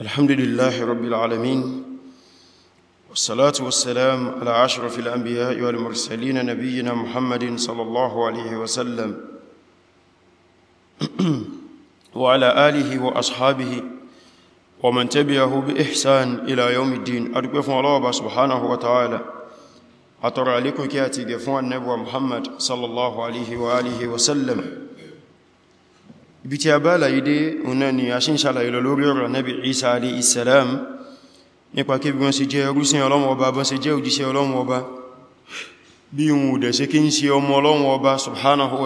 الحمد لله رب العالمين والصلاة والسلام على أشرف الأنبياء والمرسلين نبينا محمد صلى الله عليه وسلم وعلى آله وأصحابه ومن تبعه بإحسان إلى يوم الدين أرقف الله سبحانه وتعالى أترى لكم كاتب فوان نبوة محمد صلى الله عليه وآله وسلم bí tí a bá láyé dé ọ̀nà ni a ṣe ń ṣàlàyé lọ lórí ọ̀rọ̀ Nabi Isa alayhi salam nípa kí bí wọ́n ṣe jẹ́ ẹrúsìn Ọlọ́run ọba bọ́n ṣe jẹ́ òjíṣẹ́ Ọlọ́run ọba bí wọn dẹ̀ ṣe kí ń ṣe ọmọ Ọlọ́run subhanahu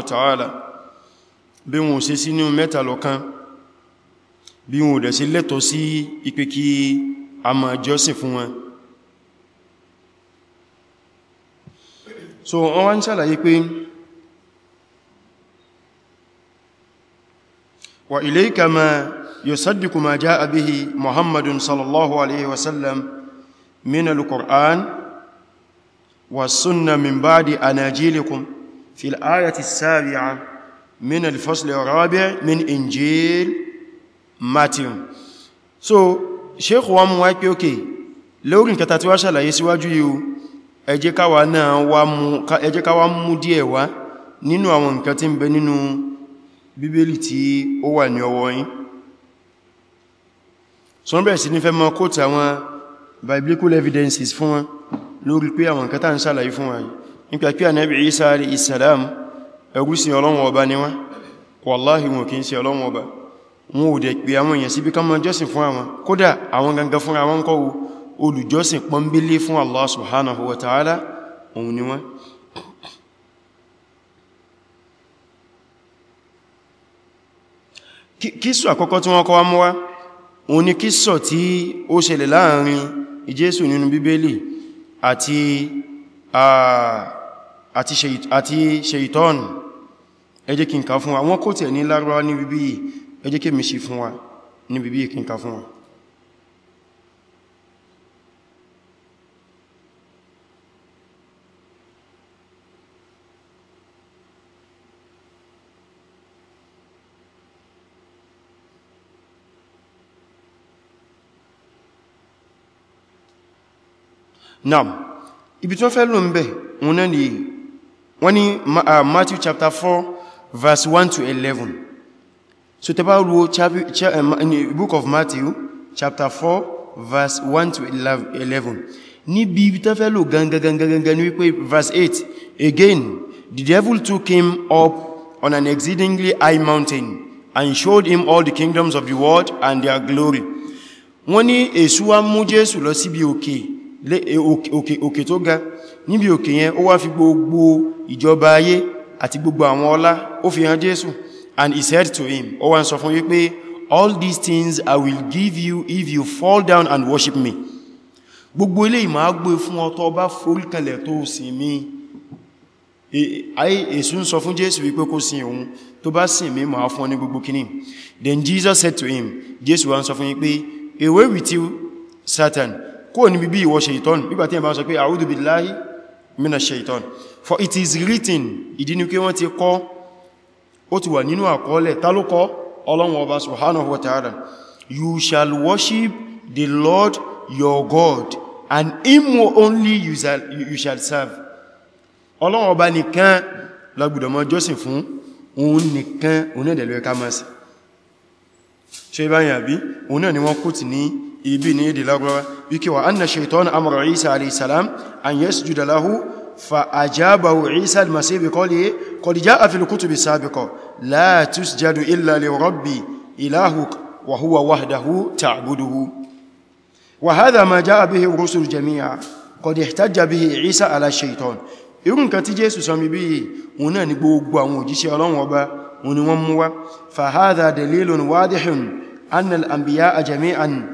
so wọ́n wá ń وإليك ما يصدق ما جاء به محمد صلى الله عليه وسلم من القرآن والسنة من بعد أناجيلكم في الآية السابعة من الفصل الرابع من إنجيل ماتيو so sheikh wa mú wáyé pé ókè lórí nkẹta tí wá ṣàlàyé síwájú yíò ẹ jẹ́ ká wá mú díẹ̀ wá nínú àwọn nǹkan tí ń bẹ nínú bíbélì tí ó wà ní ọwọ́ yín so bẹ̀rẹ̀ sí ní fẹ́ mọ́ kóòtù àwọn biblical evidences fún wọn lórí pé àwọn nǹkan tá ń ṣàlàyé fún wa yìí nípa pé ànábì Isa alayhi salam ẹrú sí Ọlọ́run ọba ni wọ́n wàláhì wọn kì í sí Ọlọ́run ọba Allah subhanahu wa kíso àkọ́kọ́ tí wọ́n kọ́ wá mú wá o ní kíso tí ó ṣẹlẹ̀ láàrin Jésù nínú bíbélì àti àti ṣeìtọ́n ẹ jẹ́ kí n kà fún wa wọ́n kò tẹ̀ ní Lárúbáwá ní bíbí ẹ kí mi ṣe fún wa ní bíbí kí n kà fún wa Now, ibi tí wọ́n fẹ́ lò ń bẹ̀ wọn náà ni wọ́n ni ah, Matthew chapter 4 verse 1 to 11 so in eh, the book of Matthew chapter 4 verse 1 to 11 níbi ibi tán fẹ́ lò gangangangangan ní wípé verse 8 again the devil took him up on an exceedingly high mountain and showed him all the kingdoms of the world and their glory wọ́n ní èṣù wá mú Jésù lọ síbi òkè okay E, òkè tó ga níbi òkè yẹn ó wá fi gbogbo ìjọba ayé àti gbogbo àwọn ọlá ó fi hàn Jésù and he said to him ó wá ń sọ fún yí all these things I will give you if you fall down and worship me gbogbo eléyìí mà á gbé e fún ọ tó bá forí kanlẹ̀ tó sìn mí èsù ń sọ fún Jésù wípé kó sìn òun tó bá sìn mí mà fún ọ gbogbo kíní then Jesus said to him Jésù wá ń sọ fún yí pé away with you Satan kúrò níbi bí ìwọ ṣeìtọ́n nígbà tí ẹ bá sọ pé a'udhu billahi minash shaitan for it is written ìdí ni pé wọ́n ti kọ ó ti wà nínú àkọọ́lẹ̀ ta ló kọ Ọlọ́run ọba subhanahu wa ta'ala you shall worship the Lord your God and him only you shall, you shall serve Ọlọ́run ọba nìkan la gbọ́dọ̀ mọ́ jọ́sìn fún òun nìkan onídẹ̀lẹ́ ká máa sí ṣe báyìí àbí òun náà ni wọ́n kò tì ní ibini di èdè wíkí wa anna shaitan amara isa salam an yasjuda lahu fa ajabahu isa almasih bi qawlihi qad jaa fil kutubi sabiqa la tusjadu illa li rabbi ilahuk wa huwa wahdahu ta'buduhu wa hadha ma jaa bihi rusul jami'a qad ihtajja bihi isa ala shaitan irun kan tí Jésù sọ mi bí wọ́n ni gbogbo àwọn òjíṣẹ́ Ọlọ́run ọba wọ́n wọ́n mú wá fa hadha dalilun wadihun anna al-anbiya jami'an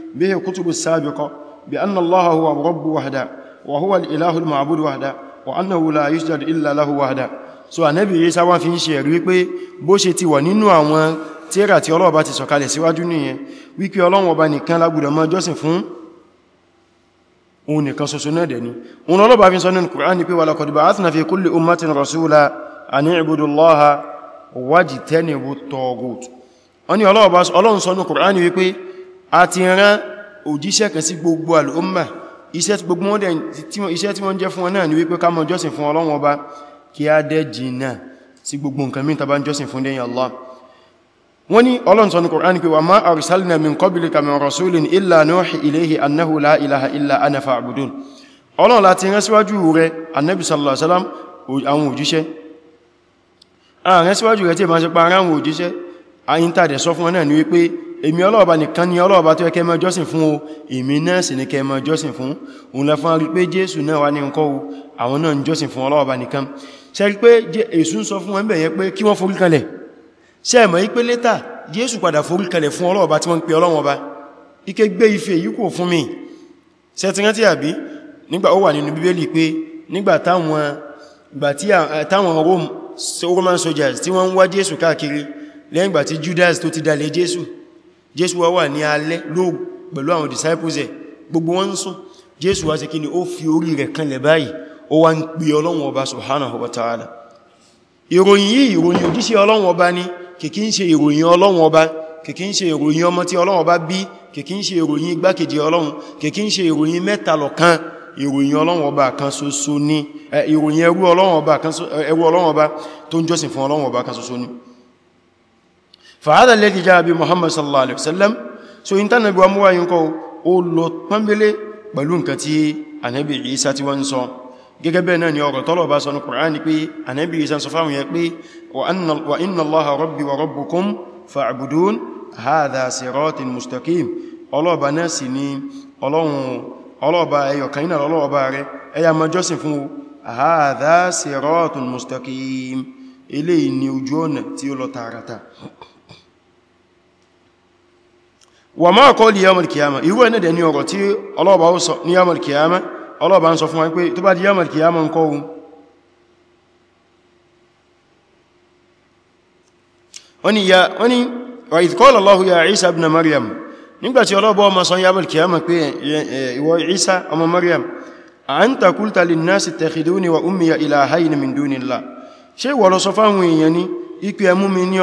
به كتب السابقة بأن الله هو الرب وحده وهو الإله المعبود وحده وأنه لا يسجد إلا له وحده so Ànábì Ìsá wá fi ń ṣe ẹ̀rí pé bó ṣe ti wà nínú àwọn tírà tí Ọlọ́run bá ti sọ̀kalẹ̀ síwájú nìyẹn wí pé Ọlọ́run Ọba nìkan la gbọ́dọ̀ máa jọ́sìn fún òun nìkan ṣoṣo náà dẹ̀ ni òun Ọlọ́run Ọba fi sọ nínú Kùránì pé walaqad ba'athna fi kulli ummatin rasula an i'budu Allaha wajtanibu at-taghut a ti rán òjíṣẹ́ kan sí gbogbo al'umma iṣẹ́ tí gbogbo wọ́n iṣẹ́ tí wọ́n jẹ́ fún wọn náà ni wípé ká mọ́ jọ́sìn fún Ọlọ́run Ọba kí a dẹ̀ jìnà sí gbogbo nǹkan mí tàbá jọ́sìn fún dẹ́yìn Allah wọ́n ní Ọlọ́run sọ ní Qur'an pé wa ma min qablika min rasulin illa nuhi ilayhi annahu la ilaha illa anafa abudun Ọlọ́run láti rán síwájú rẹ̀ annabi sallallahu alaihi wasallam àwọn òjíṣẹ́ a rán síwájú rẹ̀ tí ìbá ń ṣe pa ara àwọn òjíṣẹ́ ayíntàdẹ̀ sọ fún wọn náà ni wípé èmi ọlọ́ọ̀bá nìkan ni ọlọ́ọ̀bá tó ẹkẹ́ mọ́ jọ́sìn fún o èmi náà sì ní kẹ́ mọ́ jọ́sìn fún òun lọ fún pé jésù náà wà ní ǹkọ́ o àwọn náà ń jọ́sìn fún ọlọ́ọ̀bá nìkan ṣe rí pé èsù ń sọ fún wọn bẹ̀yẹ pé kí wọ́n forí ṣe mọ̀ ipé létà jésù padà forí fún ọlọ́ọ̀bá tí wọ́n pe ọlọ́ọ̀bá ike gbé ife yìí kò fún mi ṣe ti rántí àbí nígbà ó wà nínú bíbélì pé nígbà táwọn eh, roman soldiers tí wọ́n ń wá jésù káàkiri lẹ́yìn ìgbà tí judas tó ti dalẹ̀ jésù jésù wá wà ní alẹ́ pẹ̀lú àwọn disciples ẹ̀ gbogbo wọn ń sùn jésù wá ṣe kí ni ó fi orí rẹ̀ kanlẹ̀ báyìí ó wá ń pè ọlọ́run ọba subhanahu wa ta'ala ìròyìn yìí ìròyìn òjíṣẹ́ ọlọ́run ọba ni kìkí ń ṣe ìròyìn ọlọ́run ọba kìkí ń ṣe ìròyìn ọmọ tí ọlọ́run ọba bí kìkí ń ṣe ìròyìn igbákejì ọlọ́run kìkí ń ṣe ìròyìn mẹ́talọ̀kan ìròyìn ọlọ́run ọba kan ṣoṣo ni ìròyìn ẹrú ọlọ́run ọba tó ń jọ́sìn fún ọlọ́run ọba kan ṣoṣo ni fàádà lẹ́tì já bí Muhammad sallallahu alaihi wasallam so in tánàbí wa múwa yínkọ́ ó lọ pánbélé pẹ̀lú nǹkan tí Ànábì Isa ti wọ́n sọ gẹ́gẹ́ bẹ́ẹ̀ náà ni ọ̀rọ̀ tọ́lọ̀ bá sọ ní Kùránì pé Ànábì Isa sọ fáwọn yẹ pé wa inna Allaha rabbi wa rabbukum fa'budun hadha siratin mustaqim ọlọ́ọ̀bá náà sì ni ojú ọ̀nà tí ó lọ tààràtà wà máa kọ́ lè yàmàl kìyàmà irú ẹ̀nà dẹ̀ ní ọ̀rọ̀ tí ọlọ́ọ̀bá ó sọ ní yàmàl kìyàmà ọlọ́ọ̀bá ń sọ fún wa pé tó bá di yàmàl kìyàmà ń kọ́ ohun wọ́n wà ìtkọ́lá Allahu ya Isa ibn Maryam nígbàtí ọlọ́ọ̀bá ọmọ sọ yàmàl kìyàmà ẹmú mi ní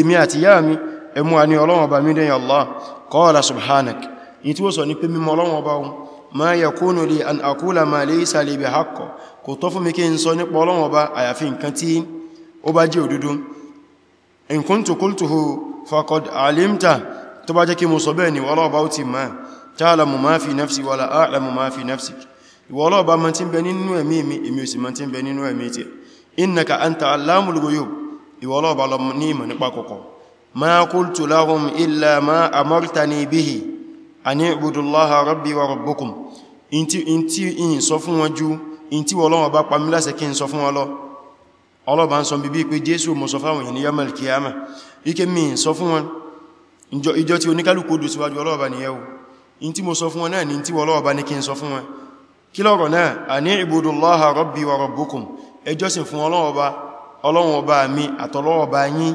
èmi àti yá mi ẹmú a ọlọ́wọ̀n bá Allah qala subhanak yìí tí ó sọ ní pé mímọ́ Ọlọ́run ọba ohun ma yakunu li an aqula ma laysa li bihaqqi kò tọ́ fún mi kí n sọ nípa Ọlọ́run ọba àyàfi nǹkan tí ó bá jẹ́ òdodo in kuntu qultuhu faqad alimta tó bá jẹ́ kí mo sọ bẹ́ẹ̀ ni Ọlọ́run ọba ó ti máa ta'lamu ma fi nafsi ìmọ̀ nípa kọ̀kọ̀ ما قلت لهم إلا ما أمرتني به أن اعبدوا الله ربي وربكم inti inti in sọ fún wọn ju inti wo Ọlọ́run bá pa mí láṣẹ kí n sọ fún wọn lọ Ọlọ́run bá sọ bibi pé Jésù mo sọ fáwọn ni yamal kiyama ike mi sọ fún wọn ǹjọ́ ìjọ́ tí oníkálùkù do síwájú Ọlọ́run bá niye o inti mo sọ fún wọn náà ni inti wo Ọlọ́run bá ní kí n sọ fún wọn kí lọ̀rọ̀ náà ani ibudullaha rabbi wa rabbukum ẹ jọ́sìn fún Ọlọ́run bá Ọlọ́run bá mi àtọlọ́run bá yín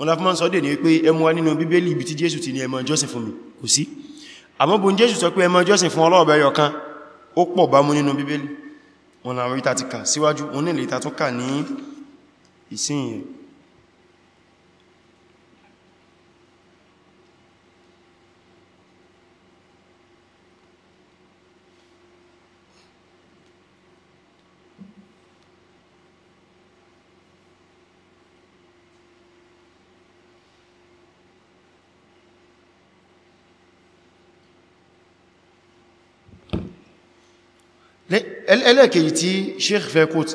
wọn la fi mọ́ sọ́dẹ̀ ní pé ẹmú wa nínú bíbélì ibi tí jésù ti ní ẹmọ jọ́sìn fún mi kò sí àmọ́ bó ń jésù sọ pé ẹmọ jọ́sìn fún ọlọ́ọ̀bẹ yọkan ó pọ̀ bá mú nínú bíbélì wọn làwọn ìta síwájú wọn ẹlẹ́ẹ̀kejì tí sheikh fekut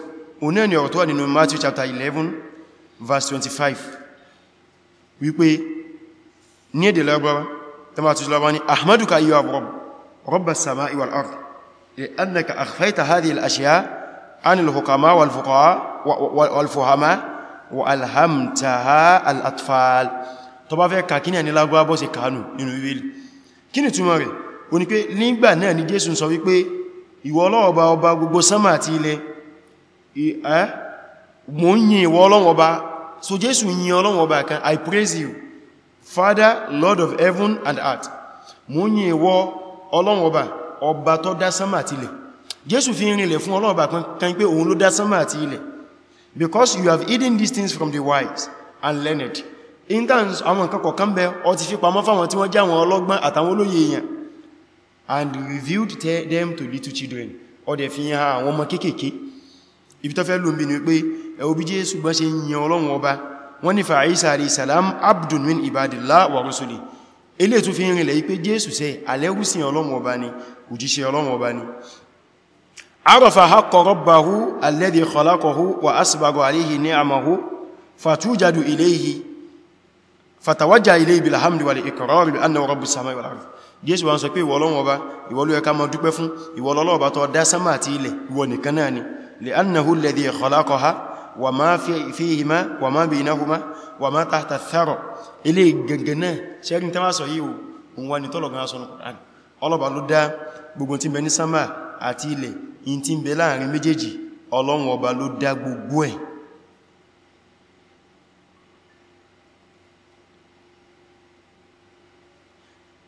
oní ẹni ọ̀rọ̀ tó wà nínú Matthew chapter 11 verse 25 wípé ní èdè lágbára tàbí lágbára ni ahmaduka ayyuha rabb rabb as-sama'i wal ard li annaka akhfayta hadhihi al-ashya an al-hukama wal fuqaha wal fuhama wa alhamtaha al-atfal tó bá fẹ́ ka kíni ẹni lágbára bọ́ sí kánú nínú wíwílì kíni túmọ̀ rẹ̀ oní pé nígbà náà ni Jésù sọ wípé ìwọ Ọlọ́run ọba ọba gbogbo sánmà àti ilẹ̀ mo ń yin ìwọ Ọlọ́run ọba so Jésù yin Ọlọ́run ọba kan I praise you Father Lord of heaven and earth mo ń yin ìwọ Ọlọ́run ọba ọba tó dá sánmà àti ilẹ̀ Jésù fi rinlẹ̀ fún Ọlọ́run ọba kan pé òun ló dá sánmà àti ilẹ̀ because you have hidden these things from the wise and learned in terms àwọn nǹkan kọ̀ọ̀kan bẹ ó ti fi pamọ́ fáwọn tí wọ́n jẹ́ àwọn ọlọ́gbọ́n àtàwọn olóye èèyàn and revealed them to little children ó dẹ̀ fi hàn àwọn ọmọ kéékèèké ibi tó fẹ́ lò ń bí ni pé ẹ̀wọ̀ bí Jésù bá ṣe yìn Ọlọ́run ọba wọ́n ní fa Isa alayhi salam abdun min ibadillah wa rusuli ilé tó fi ń rìnlẹ̀ pé Jésù sẹ́ alẹ́rúsìn Ọlọ́run ọba ni òjíṣẹ́ Ọlọ́run ọba ni arafa haqqa rabbahu alladhi khalaqahu wa asbagha alayhi ni'amahu fatujadu ilayhi fatawajja ilayhi bilhamdi wal iqrar bi annahu rabbus samai wal ardh jésù wọ́n sọ pé ìwọ Ọlọ́run ọba ìwọ ló yẹ ká máa dúpẹ́ fún ìwọ Ọlọ́run ọba tó dá sánmà àti ilẹ̀ ìwọ nìkan náà ni li'annahu alladhi khalaqaha wa ma fihima wa ma baynahuma wa ma tahta ath-thara ilé gẹ̀gẹ̀ náà ṣẹ́rin tẹ́wà sọ yíò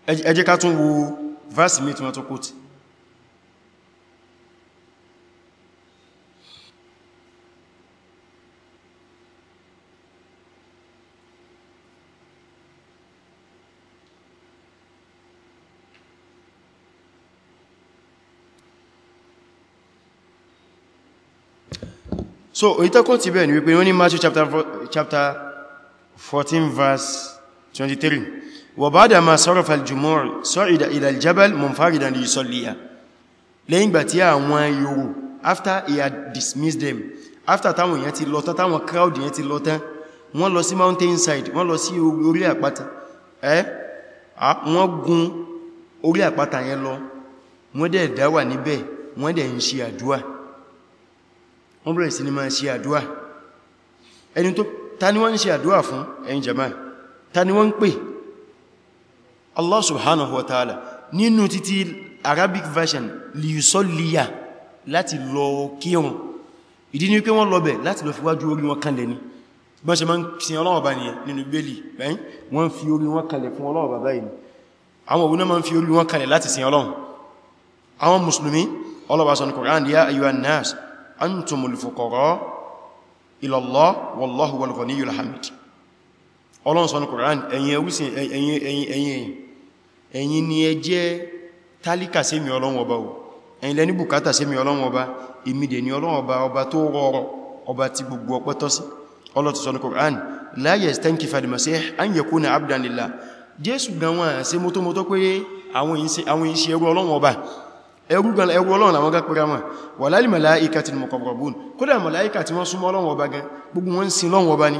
ẹ jẹ́ ká tún wo verse mi tí wọ́n tó kòtì so ìtọ́kùn ti bẹ́ẹ̀ ni wípé wọ́n ní Matthew chapter, chapter 14 verse 23 وبعدما صرف الجموع صعد إلى الجبل منفردا ليصليها lẹ́yìn gbà tí àwọn yòó after he had dismissed them after táwọn èèyàn ti lọ tán táwọn crowd yẹn ti lọ tán wọ́n lọ sí mountain side wọ́n lọ sí orí àpáta ẹ́ wọ́n gun orí àpáta yẹn lọ wọ́n dẹ̀ dáwà níbẹ̀ wọ́n dẹ̀ ń ṣe àdúwà wọ́n bẹ̀rẹ̀ sí ni máa ṣe àdúwà ẹni tó ta ni wọ́n ń ṣe àdúwà fún ẹ̀yin jàmáà ta ni wọ́n ń pè Allah subhanahu wa ta'ala nínú títí Arabic version liyusolliya láti lọ kírun ìdí ni pé wọ́n lọ bẹ̀ láti lọ fi wájú orí wọn kanlẹ̀ ni bọ́n ṣe máa ń sin Ọlọ́run bá nìyẹn nínú gbélì bẹ́yìn wọ́n fi orí wọn kanlẹ̀ fún Ọlọ́run bàbá yìí àwọn òun náà máa ń fi orí wọn kanlẹ̀ láti sin Ọlọ́run àwọn mùsùlùmí Ọlọ́run sọ ní Qur'an ya ayyuhan nas antumul fuqara ila Allah wallahu wal ghaniyyul hamid Ọlọ́run sọ ní Qur'an ẹ̀yin ẹ̀wùsìn ẹ̀yin ẹ̀yin ẹ̀yin ẹ̀yin ni ẹ jẹ́ tálíkà sí mi ọlọ́run ọba o ẹ̀yin lẹ ní bùkátà sí mi ọlọ́run ọba ìmìdè ni ọlọ́run ọba ọba tó rọrọ ọba ti gbogbo ọpẹ́ tọ́ sí ọlọ́tí la yastankifu al-masih an yakuna abdan lillah jésù gan wọn ṣe mọ́tọ́mọ́tọ́ pé àwọn ìṣẹ́ ẹrú ọlọ́run ọba ẹrú gan ẹrú ọlọ́run làwọn gá pẹ́ra wọn wala al-malaikati al-muqarrabun ni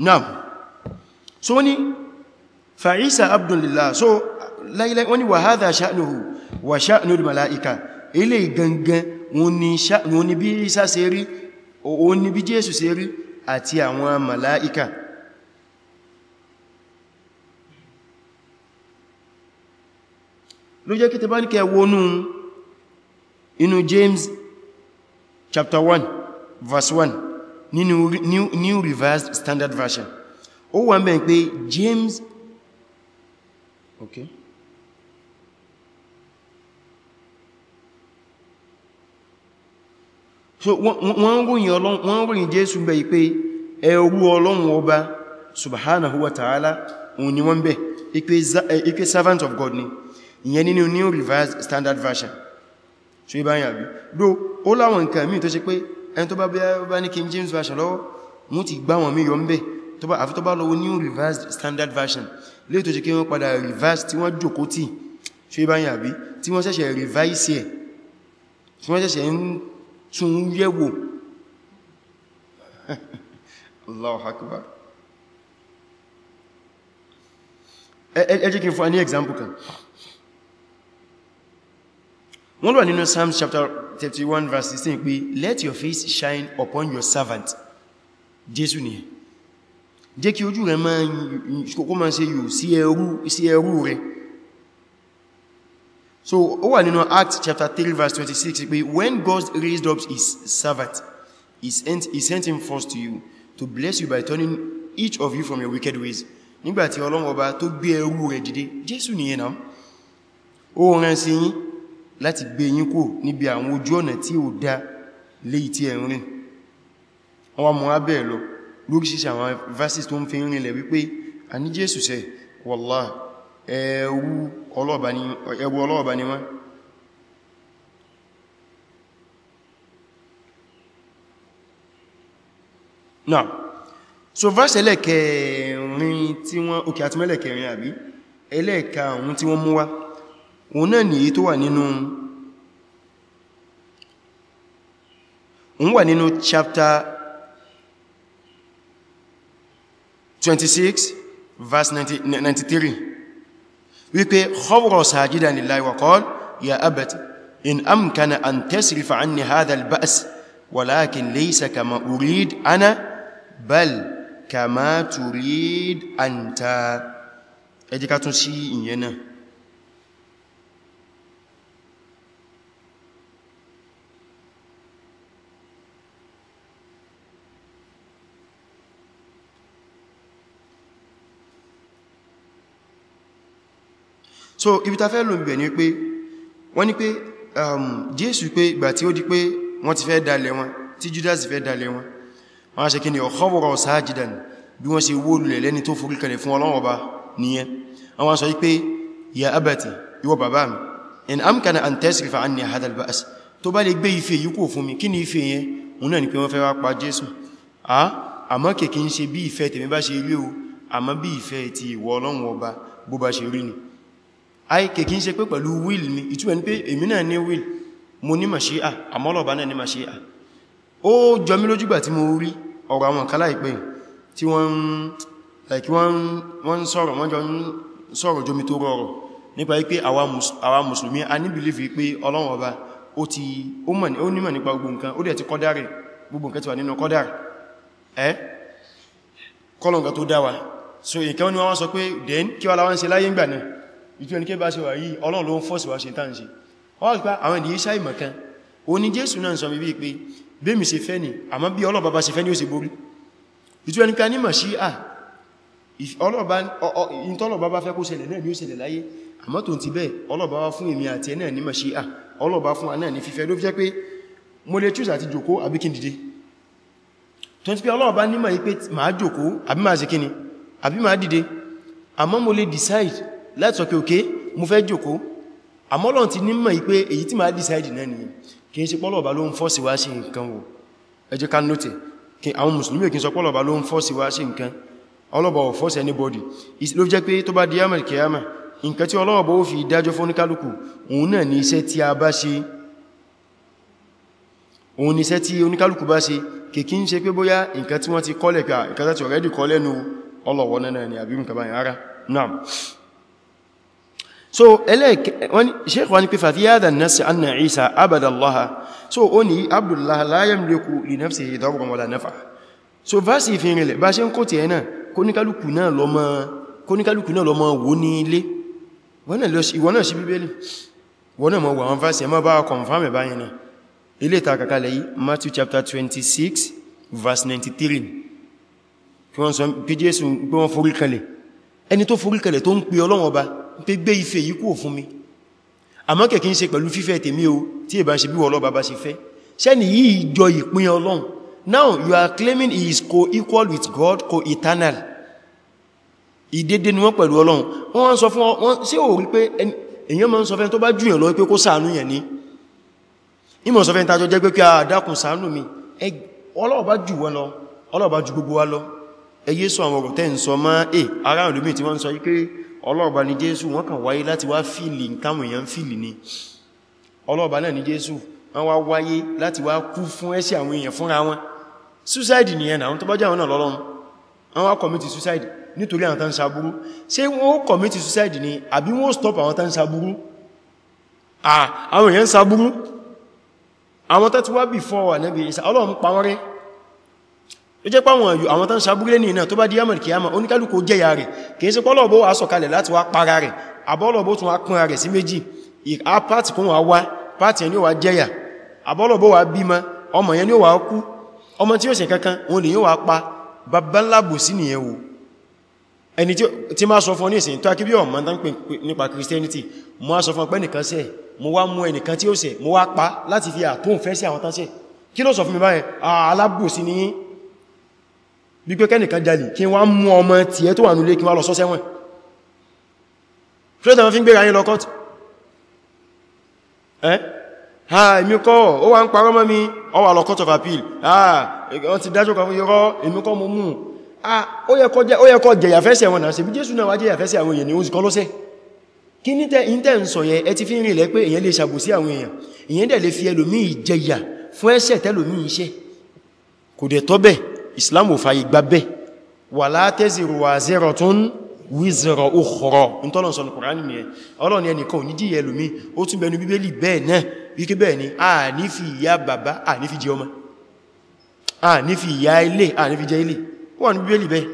náà so wani fa'isa abdullillah so láìláì wani wa hadha sha'nuhu wa sha'nul mala'ika ilé gangan wọn ni bí isa ṣe rí wọn ni bí jésù ṣe rí àti àwọn mala'ika ló jẹ́ kí tẹbá ní kẹ wọnú inú James chapter 1 verse 1 nínú new, new revised standard version ó wà ń pé James okay so wọ́n ròyìn ọlọ́run wọ́n ròyìn Jésù ń bẹ̀ pé ẹrú ọlọ́run ọba subhanahu wa ta'ala òun ni wọ́n bẹ̀ ipe servant of God ni ìyẹn nínú new revised standard version so ibáyàbí ló ó láwọn nǹkan mí tó ṣe pé ẹni tó bá bá ní King James version lọ́wọ́ wọ́n ti gbá wọn mí yọ ń bẹ̀ àfi tó bá lọ́wọ́ new revised standard version lè tó ṣe kí wọ́n padà revised tí wọ́n jòkó tí ṣe bá yà bí tí wọ́n ṣẹ̀ṣẹ̀ revise ẹ̀ tí wọ́n ṣẹ̀ṣẹ̀ example kan wọ́n lọ nínú Psalms chapter 31 verse 16 pé let your face shine upon your servant Jésù ni jẹ́ kí Oju, rẹ̀ máa kókó máa ṣe yóò sí ẹrú sí ẹrú rẹ̀ so ó wà nínú Acts chapter 3 verse 26 pé when God raised up his servant he sent, he sent him first to you to bless you by turning each of you from your wicked ways nígbàtí Ọlọ́run to tó gbé ẹrú rẹ̀ dìde Jésù nìyẹn náà ó rán sí yín láti gbé yín kò níbi àwọn ojú ọ̀nà tí ó dá léyìí tí ẹ̀ rìn wọ́n mọ́ abẹ́ lọ lóríṣìṣì àwọn verses tó ń fi rìn lẹ̀ wípé a ní Jésù sẹ wọ́lá ẹ̀wù ọlọ́ọ̀bá ni wọ́n so verse ẹlẹ́kẹ̀ẹ́rin tí wọ́n òkè àtúmẹ́lẹ̀kẹ̀ẹ́rin àbí ẹlẹ́ẹ̀ka àwọn tí wọ́n mú wá òun náà nìyí tó wà nínú wà nínú chapter 26 verse 93 wípé khawra sajidan lillahi wa qala ya abati in amkana an tasrifa anni hadha al-ba's walakin laysa kama urid ana bal kama turid anta ejika tún sí ìyẹn náà so ibi ta fẹ́ lò ń bẹ̀ ni pé wọ́n ní pé um, Jésù pé ìgbà tí ó di pé wọ́n ti fẹ́ dalẹ̀ wọn tí Judas fẹ́ dalẹ̀ wọn wọ́n ṣe kí ni ọ̀họ́wọ̀rọ̀ sáájidan bí wọ́n ṣe wó lulẹ̀ lẹ́ni tó forí kalẹ̀ fún Ọlọ́run Ọba nìyẹn àwọn sọ pé ya abati ìwọ bàbá mi in amkana an tasrifa anni hadha al-ba's tó bá lè gbé ife yìí kò fún mi ife ti ìwọ Ọlọ́run Ọba bó ni àìkè kí ń ṣe pé will ni ìtumọ̀ ní pé èmi náà ní will mo ní màṣíà àmọ́lọ̀bá náà ní màṣíà ó jọ mí lójúgbà tí mo rí ọ̀rọ̀ àwọn kan láìpẹ́ tí wọ́n sọ̀rọ̀ wọ́n jọ ń sọ̀rọ̀ jomi tó rọrọ̀ nípa pé àwa mùsùlùmí a ní bìlífì pé Ọlọ́run ọba ó ti ó nímọ̀ nípa gbogbo nǹkan ó dẹ̀ ti kọ́dárì gbogbo nǹkan ti wà nínú kọ́dárì ẹ́ kọ́lọ̀ǹkan tó dáwà so ìkan ni wọ́n sọ pé then kí wá láwọn ṣe láyé ń gbà náà ìtò ẹnikẹ́ bá ṣe wà yìí ọlọ́run ló ń fọ́sí wá ṣe tán ṣe wọ́n rí pa àwọn ìdíyẹ́ ṣá ìmọ̀kan o ní jésù náà sọ bíbí pé bẹ́mi ṣe fẹ́ ni àmọ́ bí ọlọ́run bá ṣe fẹ́ ni ó ṣe borí ìtò ẹnikẹ́ ní mọ̀ sí à ọlọ́run bá fẹ́ kó ṣẹlẹ̀ náà ni ó ṣẹlẹ̀ láyé àmọ́ tó ti bẹ́ẹ̀ ọlọ́run bá fún èmi àti ẹ náà ní mọ̀ sí à ọlọ́run àmọ́ mo lè decide láti sọ pé òkè mo fẹ́ jòkó àmọ́lọ́n ti nímọ̀ yí pé èyí tí máa decide náà nìyẹn kìí ṣe pọ́lọ̀bà ló ń fọ́ sí wá sí nǹkan wò ẹ ká nótẹ̀ àwọn mùsùlùmí kìí sọ pọ́lọ̀bà ló ń fọ́ sí wá sí nǹkan ọlọ́bà ò fọ́sí anybody ló jẹ́ pé tó bá di yamal kiyama nǹkan tí ọlọ́ọ̀bọ̀ ó fi dájọ́ fún oníkálukú òun náà ni iṣẹ́ tí a bá ṣe òun ni iṣẹ́ tí oníkálukú bá ṣe kìkí àbí nǹkan báyìí rárá náà so sheikh wani pe fafiyada nasi anna isa abadallaha so ó ní abdullahi la yamliku li nafsihi darran wala nafa so vasi fi rinlẹ̀ bá ṣe ń kó ti ẹ̀ náà kóníkálùkù náà lọ mọ́ wó ní ilé ìwọ náà sí bíbélì wọ́n náà mọ́ wọ́n vasi ẹmọ́ bá confirm ẹ̀ báyìí náà ilé ìta matthew chapter 26 verse 93 kí wọ́n sọ pé jésù pé wọ́n forí kalẹ̀ ẹni tó forí kalẹ̀ tó pé gbé ife yìí kúrò fún mi àmọ́ kẹ̀kí ń ṣe pẹ̀lú fífẹ́ tèmi o tí ìbá ṣe bí wọ́n lọ́ba bá ṣe fẹ́ ṣẹ́ni yìí jọ ìpín ọlọ́run now you are claiming he is co-equal with God co-eternal ìdédé ni wọ́n pẹ̀lú ọlọ́run wọ́n sọ fún wọn sí ò rí pé èyàn máa ń sọ fẹ́ tó bá jùyàn lọ pé kó ṣàánú yẹn ní ìmọ̀ sọ fẹ́ tàjọ jẹ́ pé kí a dákun ṣàánú mi ọlọ́run bá jù wọn lọ ọlọ́run bá jù gbogbo wa lọ ẹ yé sọ àwọn ọ̀rọ̀ tẹ́ ń sọ máa ẹ̀ ará ìlúmí tí wọ́n ń sọ yí ọlọ́ọ̀bá ni jésù wọ́n kàn wáyé láti wá fìlì nkáwọn èèyàn fìlì ni ọlọ́ọ̀bá náà ni jésù wọ́n wá wáyé láti wá kú fún ẹ̀ṣẹ̀ àwọn èèyàn fúnra wọn suicide ni ẹ̀nà àwọn tó bá jẹ́ àwọn náà lọ́lọ́run wọ́n wá commit suicide nítorí àwọn tán ṣaburú ṣé wọ́n commit suicide ni àbí stop àwọn tán ṣaburú àwọn èèyàn ṣaburú àwọn tó ti before wà náà bí ìsà ló jẹ́ pàwọn àwọn tán sàbúrẹ́ ní iná tó bá di yamal kiyama oníkálùkù jẹ́yà rẹ̀ kìí sí pọ́lọ̀bọ́ wà sọ̀kalẹ̀ láti wá para rẹ̀ abọ́lọ̀bọ́ tún wá pínra rẹ̀ sí méjì a pàtì kún wá wá pàtì ẹni wà jẹ́yà abọ́lọ̀bọ́ ni ó wà kú ọmọ tí ó ṣe kankan òun pa christianity mo wá sọ fún pé nìkan ṣẹ̀ mo wá mú ẹnìkan tí ó ṣẹ̀ mo wá pa láti fi àtóhùn fẹ́ sí àwọn kí ló fún mi báyẹn alábòsí ni bí pé kẹ́nìkan jalè kí wá mú ọmọ tí ẹ tó wà nílé kí wá lọ sọ sẹ́wọ̀n ṣe tàbí fi ń gbé ráyìn lọ́kọ́tù ẹ́ ha èmi kọ́ ó wá ń parọ́ mọ́ mi ó wà lọ court of appeal ha wọ́n ti dájọ́ kan fún irọ́ èmi kọ́ mo mú ó yẹ kó jẹyàfẹ́sẹ̀ wọn náà ṣe bí Jésù náà wá jẹyàfẹ́sẹ̀ àwọn èèyàn ni ó sì kọ́ lọ́sẹ̀ kí ní tẹ́ ń sọ yẹ ẹ ti fi ń rìnlẹ̀ pé èèyàn lè ṣàbòsí àwọn èèyàn èèyàn dẹ̀ lè fi ẹlòmí ìjẹyà fún ẹ̀ṣẹ̀ tẹ́lòmí iṣẹ́ kò dẹ̀ tọ́ islam ò fàyè gbà bẹ́ẹ̀ wala taziru waziratun wizra ukhra ìtọ́lọ̀ sọ Kùránì nìyẹn ọlọ́ni ẹnìkan ò ní jíyẹ ẹlòmí ó tún bẹnu bíbélì bẹ́ẹ̀ náà wíkẹ́ bẹ́ẹ̀ ni a ní fi ìyá bàbá a ní fi jẹ ọmọ a ní fi ìyá ilé a ní fi jẹ ilé wọ́n ní bíbélì bẹ́ẹ̀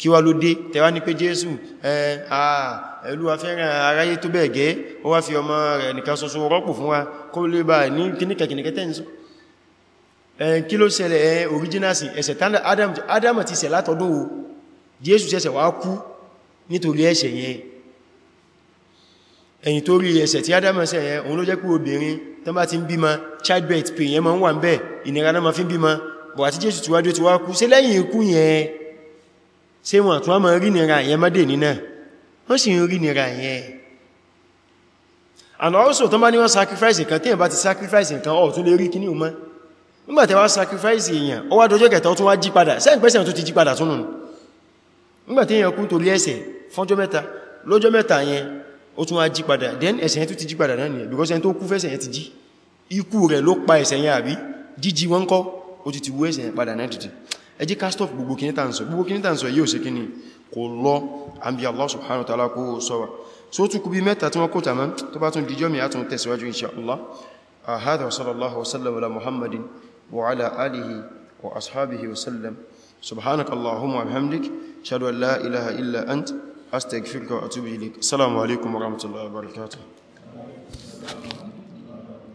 kí wá ló dé tẹwa ní pé Jésù ẹ̀lúwa fẹ́ràn aráyé tó bẹ́ẹ̀ gẹ́ ó wá fi ọmọ rẹ̀ nìkan ṣoṣo rọ́pò fún wa kó lè bá ní kíníkẹ̀kíníkẹ́ tẹ́ǹsọ́ kí ló ṣẹlẹ̀ ẹ̀ original sin ẹ̀ṣẹ̀ tán adam adam ti ṣẹ̀ látọ̀dọ̀ jésù ṣẹ̀ṣẹ̀ wá kú nítorí ẹ̀ṣẹ̀ yẹn ẹ̀yìn tó rí ẹ̀ṣẹ̀ tí adam ṣẹ̀ yẹn òun ló jẹ́ pé obìnrin tán bá ti ń bímọ childbirth pain yẹn ma ń wà ń bẹ ìnira náà ma fi ń bímọ bọ̀ àti jésù ti wájú ti wá kú ṣé lẹ́yìn and also tán bá ní wọ́n sacrifice ti sacrifice nǹkan ọ̀ tún lè rí kíní nígbàtẹ̀ wá sacrifice èèyàn ó wá dọjọ́ kẹta ó tún wá jí padà sẹ́yìn pẹ́sẹ̀ tó ti jí padà túnú nígbàtẹ̀ èèyàn kú torí ẹ̀ṣẹ̀ fọ́njọ́ mẹ́ta lọ́jọ́ mẹ́ta yẹn ó tún wá jí padà then ẹ̀ṣẹ̀ yẹn tó ti jí padà náà nìyẹn because ẹni tó kú fẹ́ṣẹ̀ yẹn ti jí ikú rẹ̀ ló pa ẹ̀ṣẹ̀ yẹn àbí jíjí wọn kọ́ ó ti ti wú ẹ̀ṣẹ̀ yẹn padà náà dìde ẹ jẹ́ cast off gbogbo kìíní tàǹsọ̀ gbogbo kìíní tàǹsọ̀ yóò ṣe kìíní kò lọ àbí Allah subhanahu wa ta'ala kó sọ wa so ó tún kú bí mẹ́ta tí wọ́n kó tàmán tó bá tún dìjọ́ mi á tún tẹ̀síwájú insha Allah هذا وصلى الله وسلم على محمد وعلى آله وأصحابه وسلم سبحانك اللهم وبحمدك أشهد أن لا إله إلا أنت أستغفرك وأتوب إليك السلام عليكم ورحمة الله وبركاته